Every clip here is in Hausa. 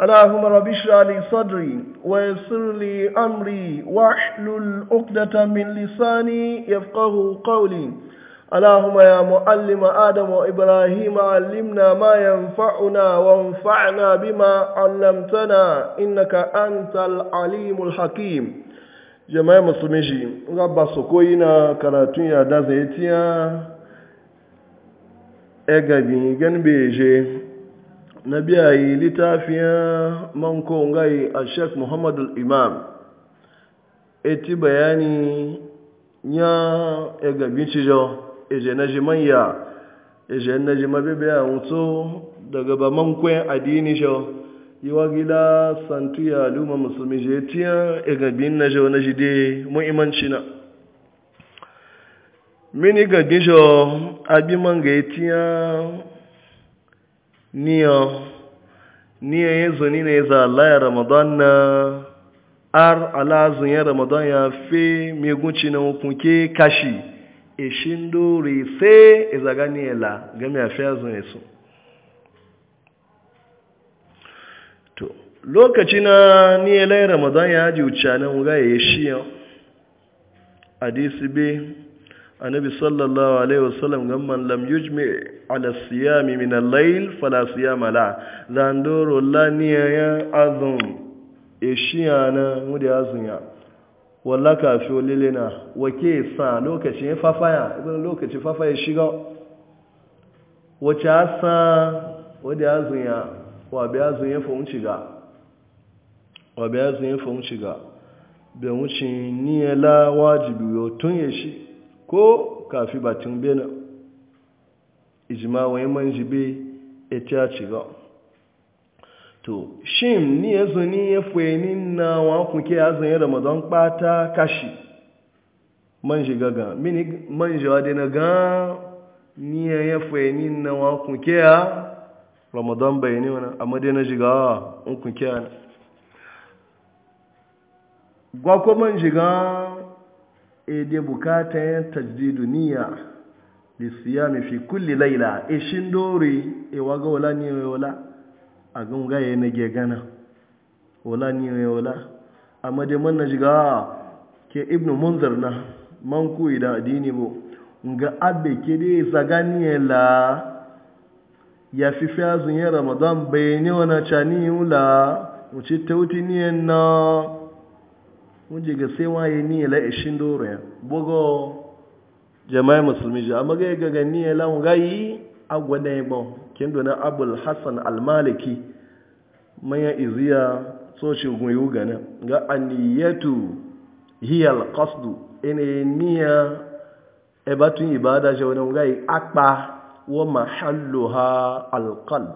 اللهم رب اشرح لي صدري ويسر لي امري واحلل عقدة من لساني يفقه قولي اللهم يا معلم ادم وابراهيم علمنا ما ينفعنا وانفعنا بما علمتنا انك انت العليم الحكيم jama'a musulmi shi rabba su koyi na karatun yada zai tiya e gabi gan beje na biyayi littafiyan mankon gai a sheikh muhammadu imam eti bayani ya egabin cijo eje na jimanya eje na jimabe bayan wuto daga ba mankon adini jo yi wa gida santuya luma musulmi je tiya egabin na jo na jide mu'imanci na mini gabin jo abin man ga tiya niyo niyo yanzu ni ne za ya ramadan na ar alazun ya ramadan ya fi megunci na ke kashi ishin dore se izaga ni la game ya fi azun ya so to lokaci na ni ya ramadan ya ji wuce nan ga ya shi yau hadisi bai annabi sallallahu alaihi wasallam gamman lam yujmi ala siyami min al-layl fala siyama la zandoro la niya ya azum ishiyana mudi azunya walla kafi lilina wake sa ya fafaya ibn lokacin fafaya shiga wace asa wadi azunya wa bi azunya fa unciga wa bi azunya fa unciga be uncin niyala wajibi yo tun yashi ko kafi batun bena ijima wani man jibe e ta ciga to shim ni ya zuni ya na wa ya zuni ramadan kpata kashi man jiga ga mini manji wa de na ga ni ya fueni na wa kuke ya ramadan bayani ne wani amma na jiga in kuke ya gwakwaman jiga ede eh, bukata ya tajdidu niyya siya mai fi kulle laila e eh, shindori e eh, waga wala ni wala a gunga ya nage gana wala ni wala a da man shiga. ke ibnu Munzar na man ku adini bo nga abe ke de zagani la ya fi fazun ya ramadan bayani wana chani wula mu ci tauti niyan na wunje ga sai waye ni la ishin doro ya bogo jama'a musulmi ji amma ga ga ni la mu gayi agwada ya bon kin dona abul hasan al maliki maya iziya so shi gun yu gana ga aniyatu hiya al qasd ene niya e batun ibada je wona akpa wa mahalluha al qalb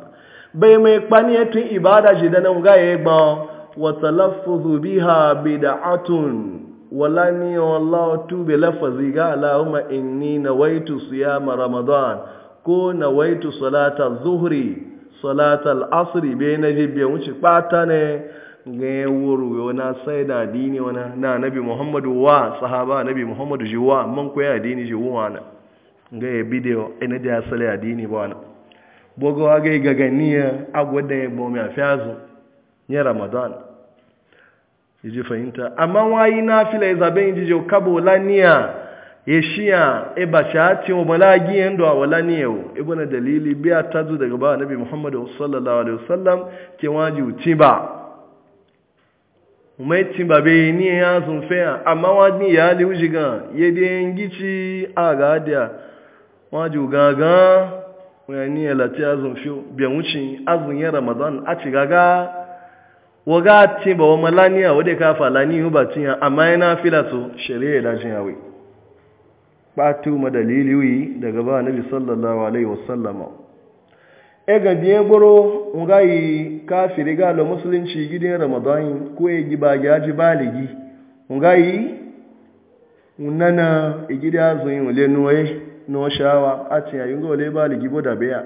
bai mai kpaniyatun ibada ji da na gayi gbon watalaffuzu biha bid'atun wala ni wallahu tu bi lafazi ga allahumma inni nawaitu siyama ramadan ko nawaitu salata zuhri salata al-asri be na jibbe wuce pata ne ga wuru yona sai da dini wana na nabi muhammadu wa sahaba nabi muhammadu jiwa man ko ya dini jiwa na ga ya ina da asali ya dini ba wana bogo ga ga ganiya agwada ya bomi afiazu ni ramadan iji fahimta amma wayi nafila ya zaben iji je kabo laniya ya shiya e ba shi hati wa malagi yando a wala niya wo ibn dalili biya ta zo daga ba nabi muhammadu sallallahu alaihi wasallam ke waji uti ba umai tin ba be ni ya sun fe amma wani ya li wuji ga ya ujiga yin gici a ga dia waji gaga wani ya lati azun fi bi wucin azun ya ramadan a ci gaga waga ce ba wa malaniya wadda ka falani yi ba cinya amma yana fila su shari'a da jin yawe ɓatu madalili wi daga ba na sallallahu alaihi wasallama e ga biye goro nga yi kafin riga lo musulunci gidan ramadan ko e giba ya ji baligi nga yi nana e gida zuyin ole nwaye no shawa a cinya yayin ga ole baligi boda beya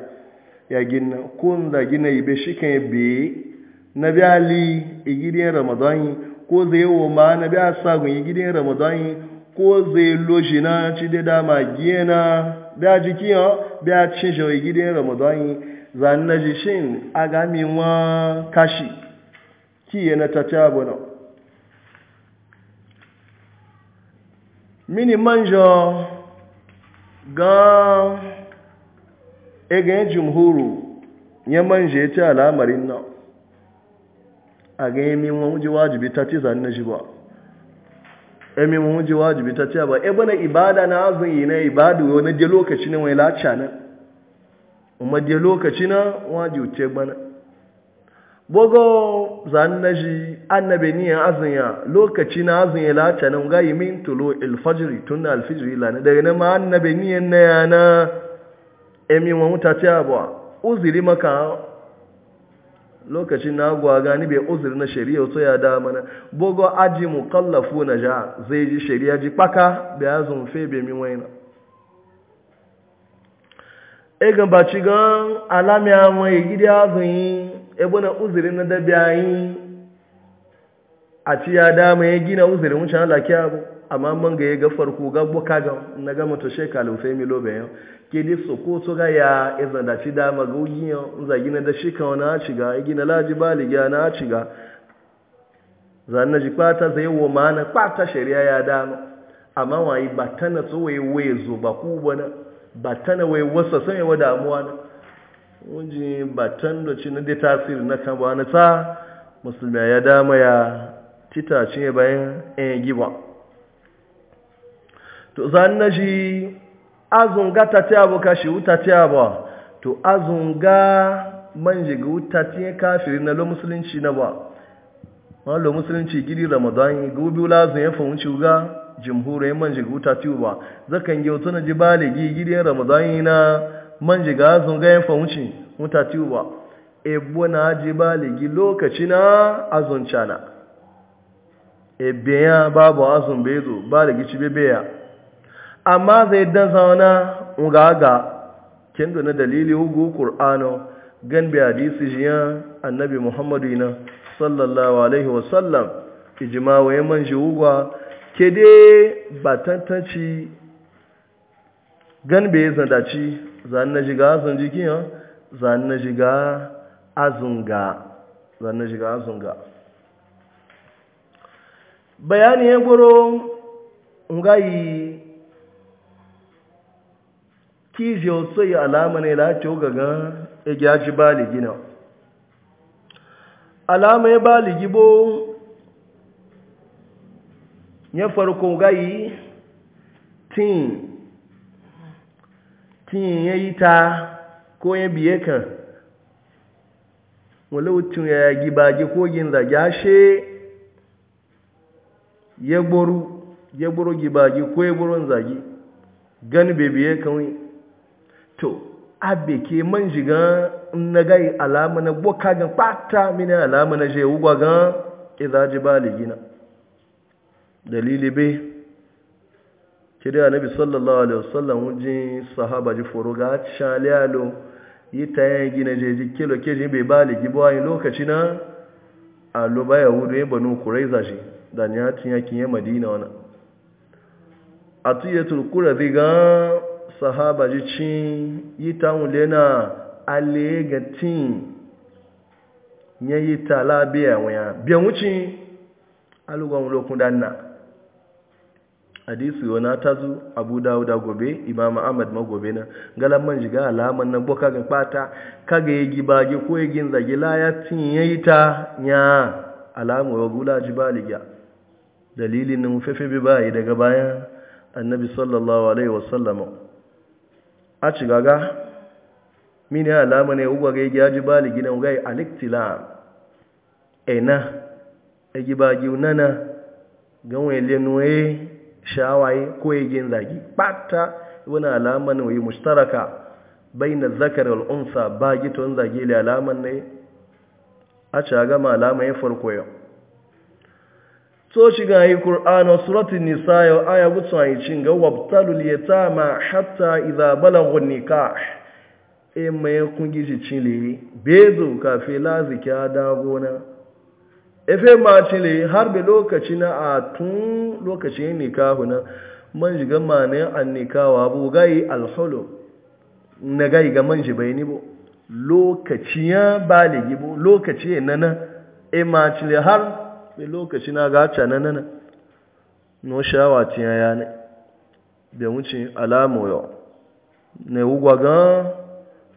ya gina kun da gina yi bai shi kan be na biya li igidin yi ko zai wo ma na biya sagun igidin yi ko zai loji na ci da na giyana biya jiki ya biya cin shi igidin ramadan zan na ji shin agami wa kashi ki na ta abu na mini manjo ga egen jumhuru ya manje ta al'amarin nan a ga yi min wani wajibi ta ce zane shi ba emi mun ji wajibi ta ce ba e bana ibada na azun yi na ibadu wani je lokaci ne wai lacha na umma je lokaci na wajibi ce bana bogo zan na shi annabi ni azun ya lokaci na azun ya lacha na ga yimin tulo alfajr tun alfajr ila na daga nan ma annabi ni na yana emi mun ta ce ba uzuri maka lokacin na agwa gani bai uzuri na shari'a to ya da mana bogo aji mukallafu na ja zai ji shari'a ji paka da ya zunfe bai mi waina e ga baci ga alami a mai e gidi azun yi ebo na uzuri na da biyayi a ci ya da mai e gina uzuri wucin halaki abu amma man e ga ya ga farko ga boka ga na gama to shekalu femi lobe yau ke ko su ga ya izan e da ci dama ga ugiyan zagi na da shi kawo na ciga igi e na laji baliga na ciga zan na ji kwata zai wo na kwata shari'a ya dama amma wayi ba ta na tso wai waye zo ba ku ba na ba ta na wai wasa san yawa damuwa na wunji ba ta da ci na dai tasiri na kan ba na ta musulmi ya dama ya titace bayan yan eh, giba to zan ji azunga tati abu kashi ta abu to azunga manje ga utati kafiri na lo musulunci na ba ma lo musulunci gidi ramadan gobe wula zun ya fahimci ga jimhure manje ga utati ba zakan ge wato na ji baligi gidi ramadan na manje ga azunga ya fahimci utati ba ebo na ji baligi lokaci na azuncana ebe ya babu azun bezo baligi ci bebe ya amma zai dan zauna nga ga kendo na dalili hugu qur'ano gan bi hadisi jiyan annabi muhammadu ina sallallahu alaihi wa sallam ijma wa man jiwa kede batantanci gan be zandaci zan na jiga zan jikin zan na jiga azunga zan na jiga azunga bayani ya goro ngayi kije otu alama ne lati oga ga ege aji baligi na alama ya e baligi bo ya farko gai tin tin ya yi ta ko ya biye kan walautin ya yagi bagi kogin zagashe ya gboro ya gboro gibagi ko ya gboron zagi gani bebiye kan to abe ke man jiga na gai alama na boka gan pata mini alama na je wugwa gan idza jibali gina dalili be kiri annabi sallallahu alaihi wasallam wujin sahaba ji foro ga chalialo yi ta yan gina je ji kilo ke ji be bali gi boyi lokaci na alo baya wudu yin banu kuraiza shi da ni hatin yakin ya madina wana atiyatul qura diga sahaba ji cin yi ta wule na alegatin ya yi ta labiya wuya biyan wuce alugon lokun danna hadisi yana ta zu abu dawuda gobe imam ahmad ma gobe na man jiga alaman na boka ga fata kaga ya giba gi ko ya gin zagi layatin ya yi ta ya alamu wa gula ji baliga dalilin nan fefe bi bayi daga bayan annabi sallallahu alaihi wasallam a ci gaga mini alama ne ugwa ga yi ji bali gidan gai aliktila ena egi ba gi nana ganwe lenuwe shawaye ko egin zagi pata wani alama ne wai mustaraka bayna zakar al'unsa unsa ba gito zagi le alama ne a ci gama alama ya e farko yau so shi ga yi ƙur'ana suratun nisa yau aya gutsu a yi cin ga wabtalul ya ta ma hatta izabala balagun nikah e mai kungi shi cin lere bezo kafe laziki a dagona efe ma cin lere har bi lokaci na a tun lokacin nika huna man shiga ma na an wa abu gai alhulu na gai ga man shi bai ni bu lokaci ya baligi bu lokaci ya nana e ma cin har bai lokaci na gaca na nana no shawa tiya ya ne da wuce alamu yau ne wugwa ga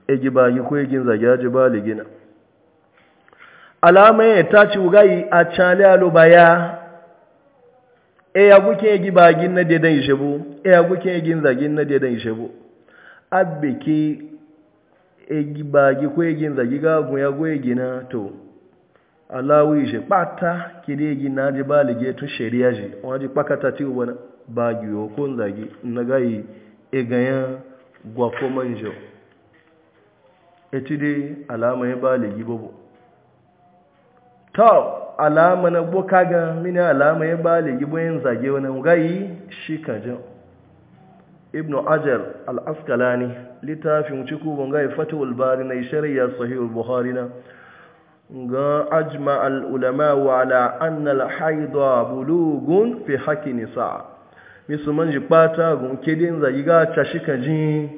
egi ba yi ko egin zagi aji ba ligina alama ya ta ci yi a cali aluba ya e ya guke egi ba gin na dedan ishebu e ya guke egin zagi na dedan ishebu abbe ki egi ba gi ko egin zagi ga gun ya go egina to alawi je pata kiregi na ji balige tun shari'a je waje pakata ti wani bagi yau ko zagi na gayi egayen gwafo manjo eti dai alama ya baligi babu ta alama na boka ga mini alama ya baligi bayan gi wani gayi shi kajin ibn ajar al-askalani littafin cikin gayi fatawul bari na shari'a sahihul buhari na ga ajma al'ulama wa ala annal haidwa bulugun fi haƙi nisa misu man ji gun gunkirin zagi ga cashi ka ji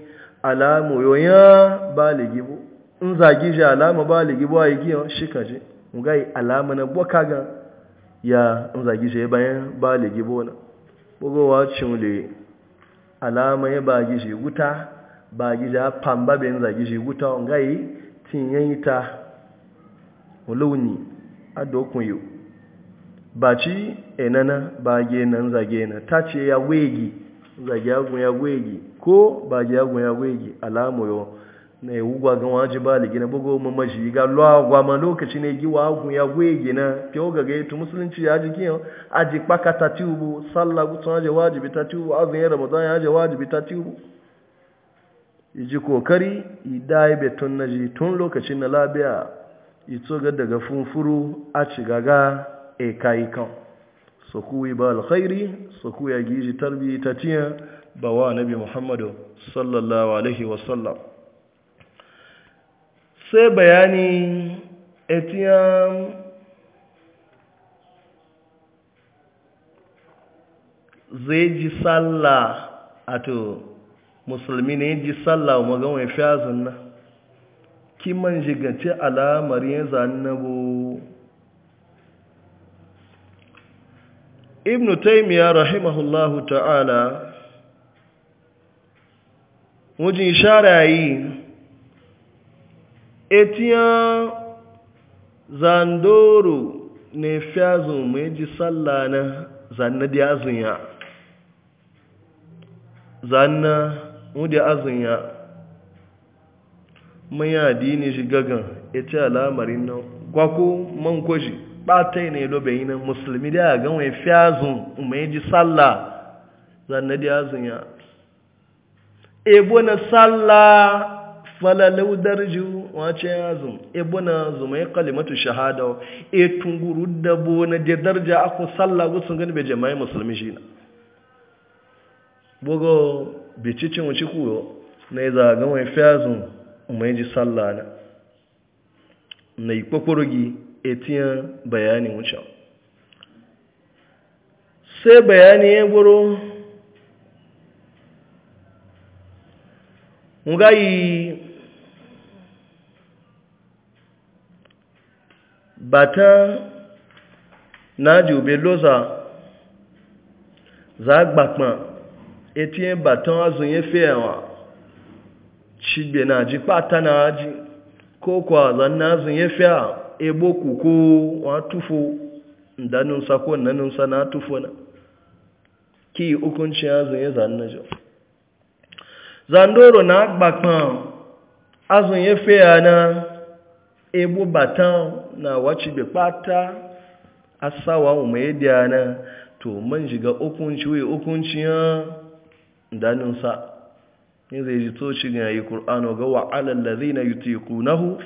alamu yoyin baligi bu in zagi ji alama baligi bu a yi giyan shi ka ji gai alama na boka ga ya in zagi ji bayan baligi bu na bugowa cimle alama ya bagi ji guta bagi ji a pamba bayan zagi ji guta gai tinyayi ta wuluni a dokun yau ba ci enana ba genan na ta ya wegi zage agun ya wegi ko ba ge agun ya wegi alamu yau na yi e wugwa gan waji ba ligina bugu mu maji ga lwa ma lokaci ne giwa agun ya wegi na ke oga ga yato musulunci ya ji kiyan aji kpaka ta tiubu sallah gutsun aje wajibi ta tiubu azun ya ramadan ya aje wajibi ta tiubu ji kokari idai betun naji tun lokacin na labiya ito ga daga funfuru a cigaga a e kayi kan su kuwi ba alkhairi su kuya gizi tarbi ta tiya ba wa nabi muhammadu sallallahu alaihi wasallam sai bayani etiyan zai ji sallah a to musulmi ne ji sallah wa magawai fiye nan ki man jigace alamar yin zannabo ibn taimiyya rahimahullahu ta'ala wajen sharayi etiyan zandoro ne fiyazun mai ji tsalla na zannadi azunya zanna wadda azunya maya dini shi gagan ita al'amarin nan kwako man kwashi ɓata ne bai yi nan musulmi da ya fi wai fiyazun mai ji sallah zanne da azun ya ebo na sallah falalau darju wace azun ebo na zumai kalimatu shahada e tunguru dabo na da darja aku sallah gusun gani bai jama'i musulmi shi na bugo bicicin wuci kuyo na yi ya fi azun mai ji sallah na na yi kwakwurugi etiyan bayanin wucin sai bayani ya gwaro ngayi bata na ji obe loza za gbapon etiyan baton azun ya fi shigbe na ji kpata na aji ko kwa zanna zun ya fiya ebo kuku wa tufo da nunsa ko na nunsa na tufo na ki hukunci ya zun zandoro na agbakpan azun ya fiya na ebo batan na wachigbe kpata asawa umayyadiya na to man shiga hukunci wai hukunci ya da nunsa ne zai ji toci yi ƙur'ano ga wa alallazi na yutiku na hu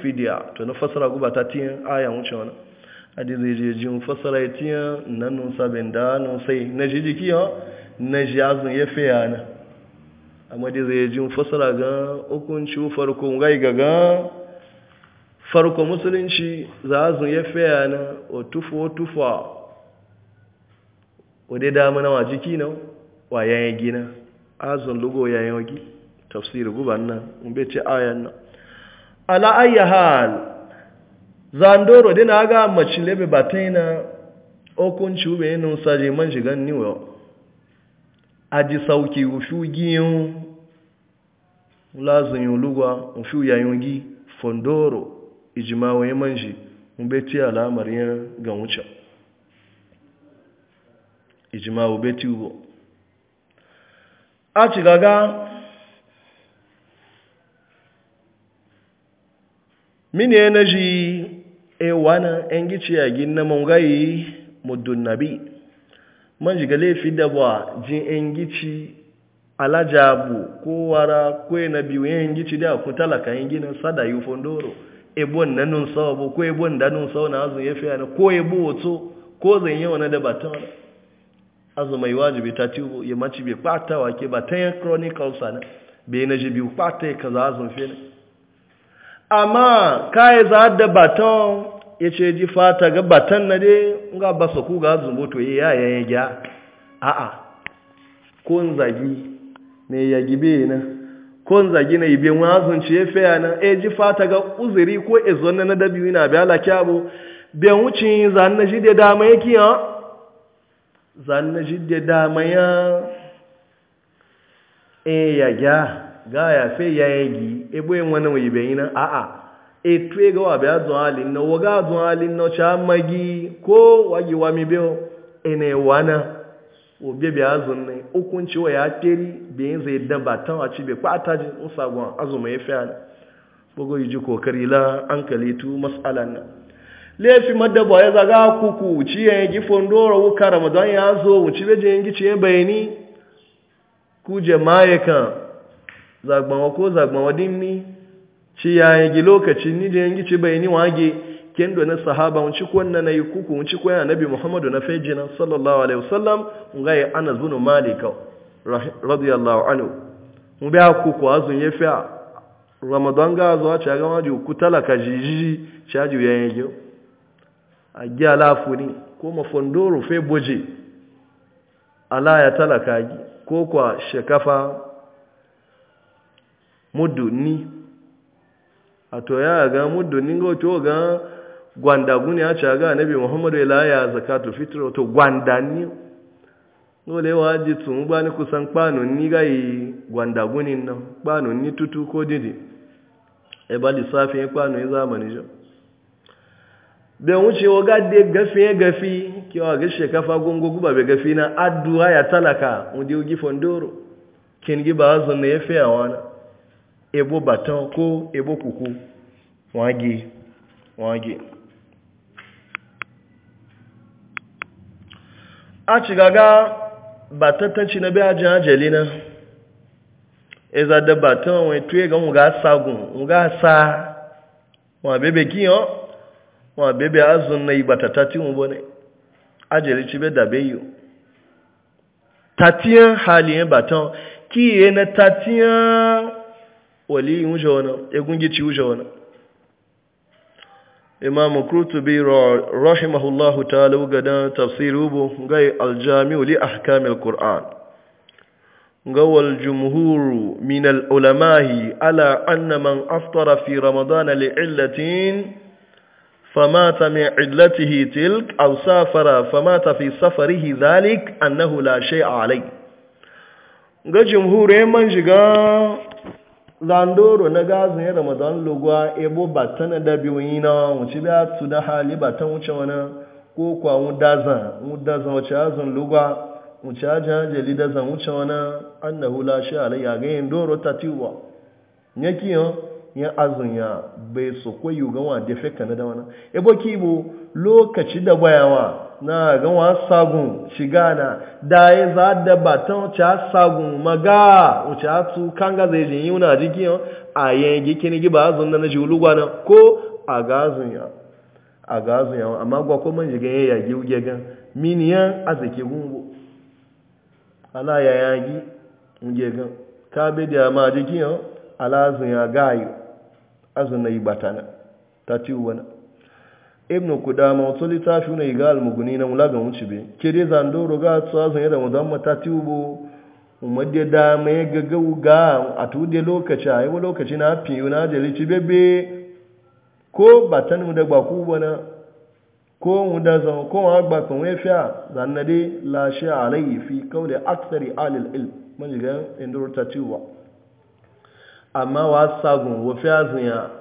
to na fasara guba ta tiyan aya wuce na adi zai je fasara ya tiyan nan nun sabin sai na ji jiki ya na ji azun ya fiyana na amma dai zai jin fasara ga hukunci farko gai ga ga farko musulunci za azun ya fiyana na o tufu o tufa o dai damuna wa jiki na wa yayin gina azun lugo yayin wagi tafsiri guba nan in bai ce ayan nan ala ayyahal zandoro dina aga mace lebe bataina okunci ube yin nusa je man shigan niwa aji sauki ushu giyun lazin yin lugwa ushu yayin gi fondoro ijimawa ya manji in bai ti alamar yin ga ijimawa bai ti ubo a ci gaga mini ya naji e wana en gici ya gin na mungayi muddun nabi manji gale fi dabwa ba jin en gici alajabu ko wara ko na biyu yin gici da ku talaka en gina sada yi fondoro e nanun na nun ko e bon da nun sawa na azu ya fi ana ko e wato ko zan yi wani da ba azu mai wajibi ta ci ya maci bai kwata wa ke ba ta yan chronicles sana bai na ji biyu kwata ya za azun fi ne amma kai za da baton ya ce ji fata ga baton na dai ga ba su ku ga zumbuto ya ya ya gya a'a kun zagi ne ya gibe na kun zagi na ibe wazun ce ya fiya na e ji fata ga uzuri ko izon na dabi na bi ala kyabo ben wucin zan na ji da dama yake ya zan na ji da dama ya e ya gya ga ya fe ya ya gi ebo yin wannan wai bai na a'a e tuye ga wa biya zuwa halin na waga zuwa halin na cha magi ko wagi wa mi biyo ene wana o be biya zun ne wa ya teri be yin zai da ba tan a ci be kwata ji usa gwan azuma ya fiya na iji yi ji kokari la an na. mas'alan nan lefi madaba ya zaga kuku ci yan gi fondoro wuka ramadan ya azụ mu ci be je yin gi ci bayani ku jama'a kan zagbanwa ko zagbanwa din ni ci yi gi lokacin ni da yangi ci ni wage kendo na sahaba mun ci kwanna na yi kuku mun ci kwanna nabi muhammadu na fejina sallallahu alaihi wasallam ngai ana zunu malika radiyallahu anhu mu biya kuku azun ya fi ramadan ga a ci ga waje ku talaka jiji ci aji ya gi a gi alafu ni ko mafondoro fe boje ala ya talaka ko kwa shekafa muddu ni ato ya ga muddu ni to ga gwanda guni a ca ga nabi muhammadu ila ya zakatu fitro to gwanda ni ngole waji tun ba ni kusan kpanu ni ga yi gwanda guni na kpanu ni tutu ko didi e ba lissafi kpanu ya zamani jo bai wuce wa de gafi e gafi kewa ga shekafa gungo guba bai gafi na addu'a ya talaka wunde gifon doro kin giba azun na ya fiya wani ebo baton ko ebo kuku wage wage a ci gaga batattanci na biya jin ajali na eza da baton wani tuye ga nga sagun nga sa wa bebe kiyo wa bebe azun na yi ibatatati mu bone ajali ci be da beyo tatiyan haliyen baton kiye na tatiyan wali wuce wani egungici wuce wani imam kurtubi rahimahullahu ta'ala gadan tafsir ubu gai aljami'u li ahkamil qur'an gawal jumhuru min al ala anna man aftara fi ramadan li'illatin famata min illatihi tilk aw safara famata fi safarihi zalik annahu la shai alai. ga jumhuru e man shiga landoro na gazin yin ramadan lugwa ebo batan da biyoyi na wuce biya tu da hali batan wuce wani ko kwa mu dazan mu dazan wuce azun lugwa wuce ajiyar jeli dazan wuce wani an na hula shi alayya ga yin doro ta tiwa ya ki kiyo ya azun ya bai so kwayo gawa da fekka na da wani ebo bu lokaci da bayawa na ga wa sagun shiga na da ya e za da batan cha sagun maga o cha tu kanga zai jin yuna jiki a yan gi kini gi ba zun na ji ulugwa na ko a gazun ya a gazun ya amma gwa ko man jiga ya gi uge gan miniyan azake gumbo ala ya ya gi uge gan ka be da ma jiki ala zun ya gayo azun na yi batana ta ci ibn kudama wato littafi ne ga almuguni na mulaga wuce be ke dai zandoro ga tsawa zan yadda mudan mata tiwo umadde da mai gaga e ga a tude lokaci a yiwu lokaci na fiye na jeli ci bebe ko batan mu da gbaku bana ko mu da zan ko ma gba kan wai fiya zannade la shi alayhi fi qawli aktsari alil ilm mun ga indoro ta tiwo amma wa sagun wa fiya zan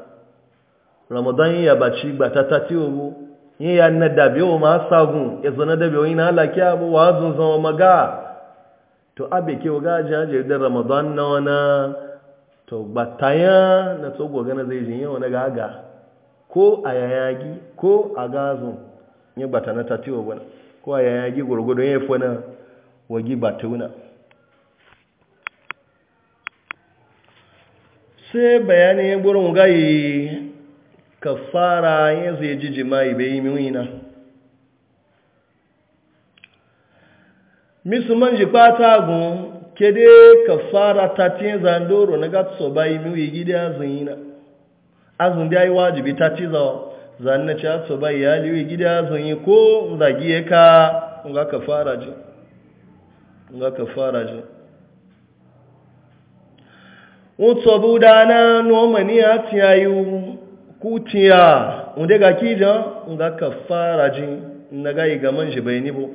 ramadan yi ya baci gbata ta tati obu yi ya na dabe o ma sagun ya zana dabe o yi na halaki abu wa zun zama maga to abe ke waga jaje da ramadan na wana to ya na tsogo gana zai jin yawa na gaga ko a yayagi ko a gazun ya bata na tati obu ko a yayagi gurgudun ya fana wagi batuna sai bayanin gurin gayi kafara yanzu ya ji jima'i bai yi miwina musulman ji fata gun kede kafara ta ce zandoro na gatso bai miwi yi zunina azun da yi wajibi ta ci zawa zanna ci ba bai ya liwi gida yi ko zagi ka nga kafara ji nga kafara ji Utsobu dana nomani a tiyayu kutiya unde ga kija ka fara jin na ga yi gaman shi bai nibo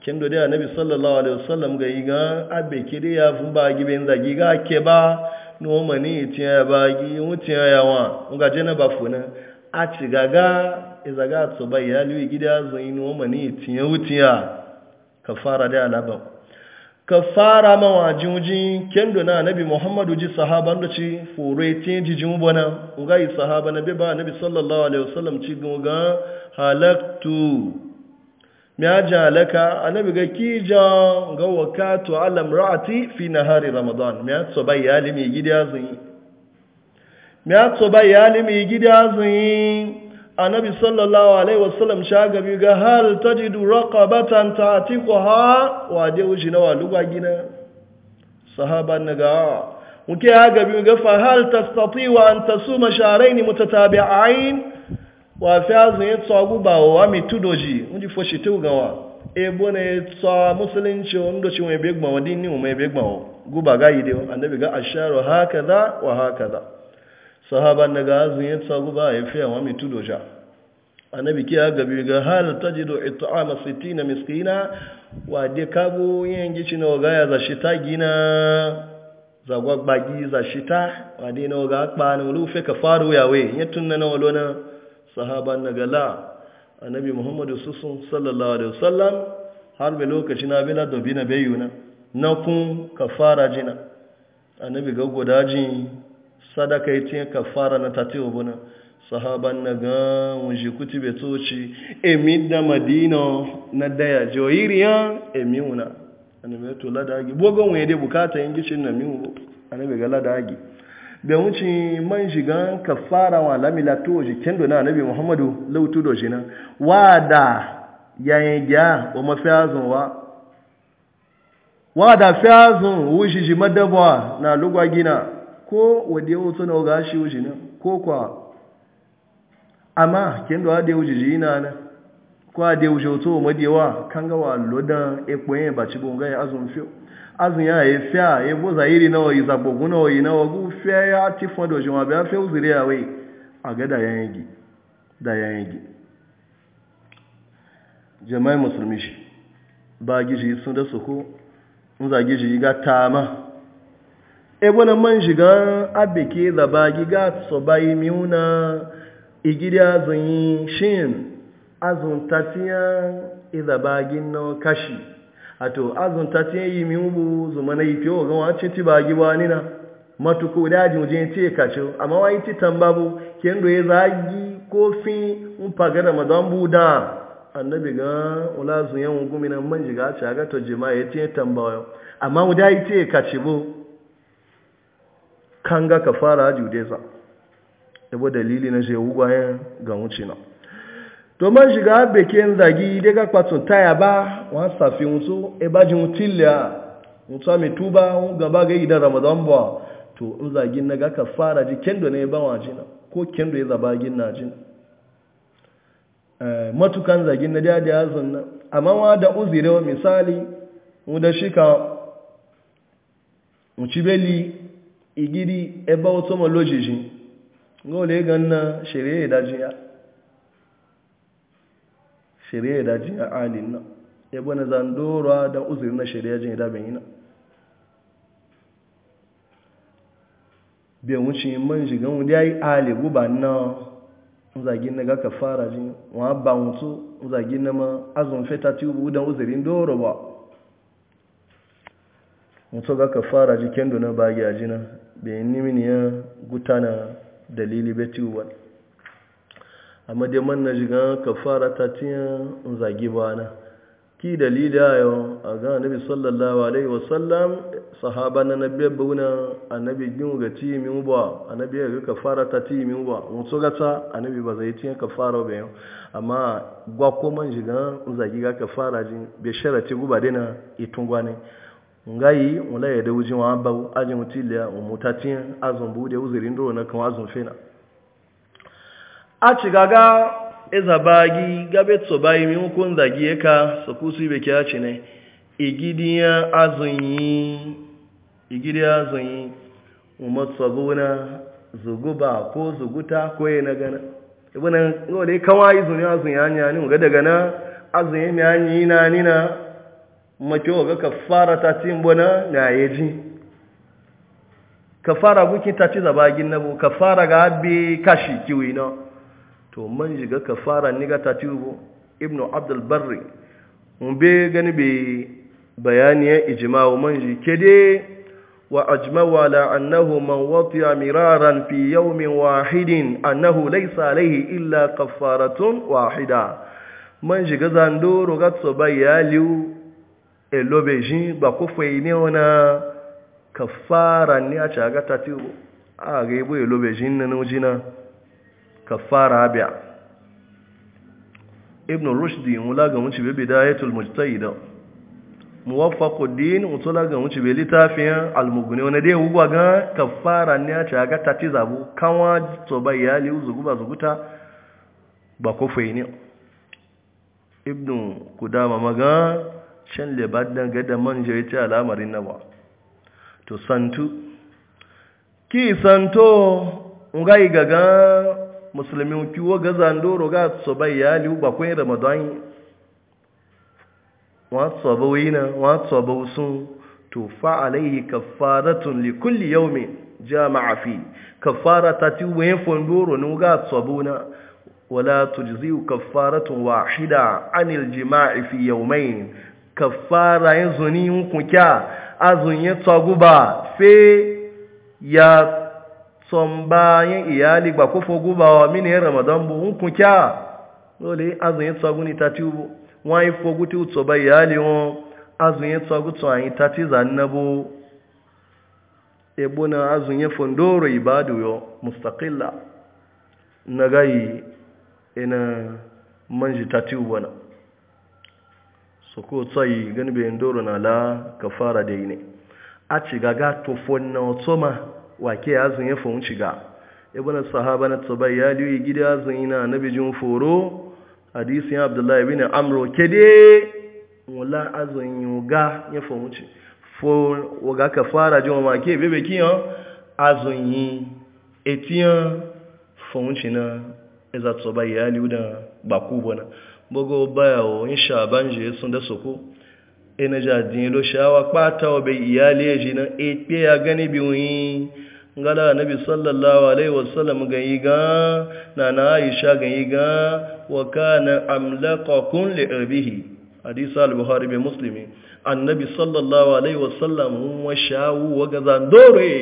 kin do da annabi sallallahu alaihi wasallam ga yi ga abe kire ya fun ba gi ben zagi ga ke ba no mani tiya ba gi mutiya ya wa nga jena ba funa a ci gaga izaga to bai ya liwi gida zai no mani tiya utiya kafara da alaba ka fara mawa jinjin kendo na nabi muhammadu ji sahaban da ci furai ti jijin bona ga yi sahaba na ba nabi sallallahu alaihi wasallam ci ga halaktu mi aja halaka Anabi, ga kija ga wakatu alam ra'ati fi nahari ramadan mi atso bai gidi azin mi atso bai gidi azin annabi sallallahu alaihi wasallam shagabi ga hal tajidu raqabatan ta'tiquha wa je na waluga gina sahaban naga muke hagabi ga fa hal tastati'u an tasuma shahrayn mutatabi'ain wa fi azun yatsa guba wa mitudoji unji foshi tu gawa e bona yatsa musulunci wanda ci mai begma wadini mai begma guba ga yide dai annabi ga asharu hakaza wa hakaza sahaban na ga azin ya tsagu ba a fiya wa mitu doja na biki a gabi ga hal tajidu it'ama na miskina wa de kabo yin gici na waga ya za shi ta gina zagwagbagi za shi ta wa de na ga akpa na lu fe ka faru yawe ya tunna na walona sahaban na gala bi muhammadu susun sallallahu alaihi wasallam har bai lokaci na bila dobi na bayu na kun fara jina bi ga godajin sadaka ya ka kafara na tati obuna sahaban na ga wunshi kuti betoci emi da madina na daya joyiriya emi wuna anabe to ladagi bogon wani dai bukata yin gishin na miwu bo anabe ga ladagi da wuce man ka kafara wa lamila to kendo na anabi muhammadu lautu do shi nan wada yayin gya wa mafiyazun wa wada fiyazun wushi shi madabwa na lugwa gina ko wadda wato na ga shi wuce nan kwa amma kin da da wuce ji na da wuce wato madewa kan ya azun fiyo azun ya e fiya e na oyi e zabogun na oyi na wagu fiya ya ti fodo ya wai a ga da yayin gi da yayin gi jama'i musulmi shi ba gishi sun da su ko ebona man shiga abeke zaba giga so bayi miuna igiri azun shin azun tatiya izaba e ginna kashi ato azun tatiya yi zuma na ti ba nina matuku daji mujin e, kacho amma ti tambabu e, zagi kofi un pagana madambu annabi ga ulazun yan gumina man shiga to amma dai kan ga ka fara judesa yabo dalili na shehu bayan ga wuce na domin shiga bekin zagi dai ga kwatsun taya ba wan safi mutu e ba ji mutiliya mutu mai tuba gaba ga idan ramadan ba to in zagi na ga ka fara ji kendo ne ba wa na, ko kendo ya zaba gin na jina matukan zagin na dadi a nan amma wa da uzirewa misali mu da shi ka mu ci beli igidi ebe otoma lojiji ga ole ga nna shari'a daji ya shari'a daji ya alin na ebe na zandora da uzuri na shari'a jin da bayin be wuce man jigan wudi ai alibu ba na nzagi na ga fara ji wa ba mutu nzagi na ma azun feta tubu da uzurin doro ba mutu ga fara ji dona ba ya jina bayan nimin ya gutana dalili bai wani amma dai man na shiga ka fara ta tiyan zagi ba na. ki dalili yau, a ga nabi sallallahu alaihi wasallam sahaba na nabi buna annabi gin ga ti mi uba annabi ga ka fara ta ti mi uba mun so gata annabi ba zai tiyan ka fara ba amma gwa ko man shiga zagi ga ka fara jin be sharati guba dena itungwane ngayi yi ya dawo jin wa bawo ajin mutilla mutatin azun bude uzuri ndo na kan azun fina a ci gaga ezabagi gabe tsobayi mi kun zagi yaka sokusu ibe kya ci ne igidiya azun yi igidiya azun yi ko zuguta ko yana na ya na makewa ga kafara ta ci mbona na Ka kafara guki ta ci zabagin nabo kafara ga abi kashi kiwi na to man shiga kafara ni ga ta ci bu ibnu abdul barri mun be gani be bayani ya ijma'u man shi kede wa ajma'u ala annahu man watiya miraran fi yawmin wahidin annahu laysa alayhi illa kafaratun wahida man shiga zandoro ga tsobai ya liu elobe ji ba kofai ne wana kafara ne a caga ta ti a ga ibu elobe ji na nujina kafara abia ibn rushdi wula ga wuce bebe da ayatul mujtahida muwaffaquddin mutula ga wuce be litafin almuguni wani dai ugwa ga kafara ne a caga ta ti zabu kanwa to bayali uzuguba zuguta ba kofai ne ibn kudama maga can lebadan gada man je ce al'amarin na ba to santu ki santo ngai gaga musulmi kiwo ga zandoro ga tsoba iyali ba kun ramadan wa tsoba wina wa tsoba usun to fa alayhi kaffaratun li kulli yawmi jama'a fi kaffarata ti wen fondoro ni ga tsobuna wala tujzi kaffaratun wahida anil jima'i fi yawmayn kafara yin zuni hukunkiya a yin tsaguba fe ya tsomba yin iyali ba ko foguba wa mini yin ramadan bu hukunkiya lori a yin tsaguni ta ti ubu wọn yi fogu ti utsoba iyali wọn a yin tsagu tso anyi ta ti zannabo ebo na a yin fondoro ibadu yo mustaqilla na gayi ina manji ta ti ubu na so ko tsayi gani bai na la ka fara da yi ne a ciga ga tofon na otoma wake ya zun ya fahimci ciga ibn sahaba na tsaba ya liyi gida zun yana na bijin foro hadisin abdullahi ibn amro kede wala azun yuga ya fahimci fo waga ka fara jin ma ke bebe kiyan azun yi etiyan fahimci na eza tsaba ya liyi da bakubona bogo bayawo in shaban je sun da soko ina jadin lo shawa pata wa bai iyali ya ji na e pe ya gani bi wuyi ngala nabi sallallahu alaihi wasallam ga yi ga na na aisha ga yi ga wa kana amlaqakum li abihi hadisi al-bukhari bi muslimi annabi sallallahu alaihi wasallam wa shawu wa gazan dore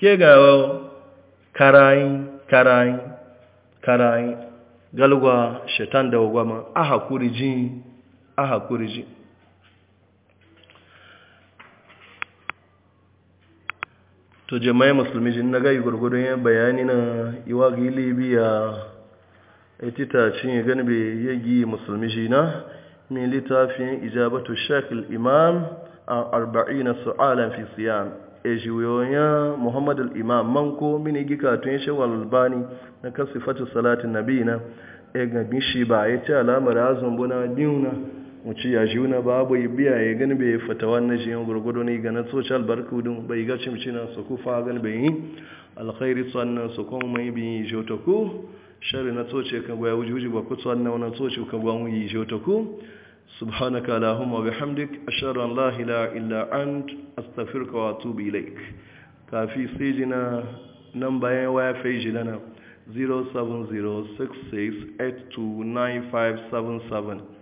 ke ga karayin karayin karayin galgwa shetan da wagwama aha haƙuri aha a haƙuri ji to jama'i musulmi jin na gai gurgudun ya bayani na iwa gili biya a e tita cin ya gani bai yagi musulmi jina min littafin ijabatu shakil imam arba'ina su'alan fi siyam e jiwoya muhammad al-imam man ko mini gika tun shawar albani na fata salatin nabina e ga bishi ba ya ce alamar azun buna diuna wuce ya wuna babu yi biya ya gani bai fatawa na jiyan gurgudu ne ga na social barku bai ga cimcina su kufa gan bai yi alkhairi sannan su kuma mai bin ku? shari na tsoce kan gwaya wujuji ba ku tsanna wani tsoce kan gwaya wuyi ku? سبحانك اللهم وبحمدك أشهد أن لا إله إلا أنت أستغفرك وأتوب إليك كافي سيجنا نمبر وافيج لنا 07066829577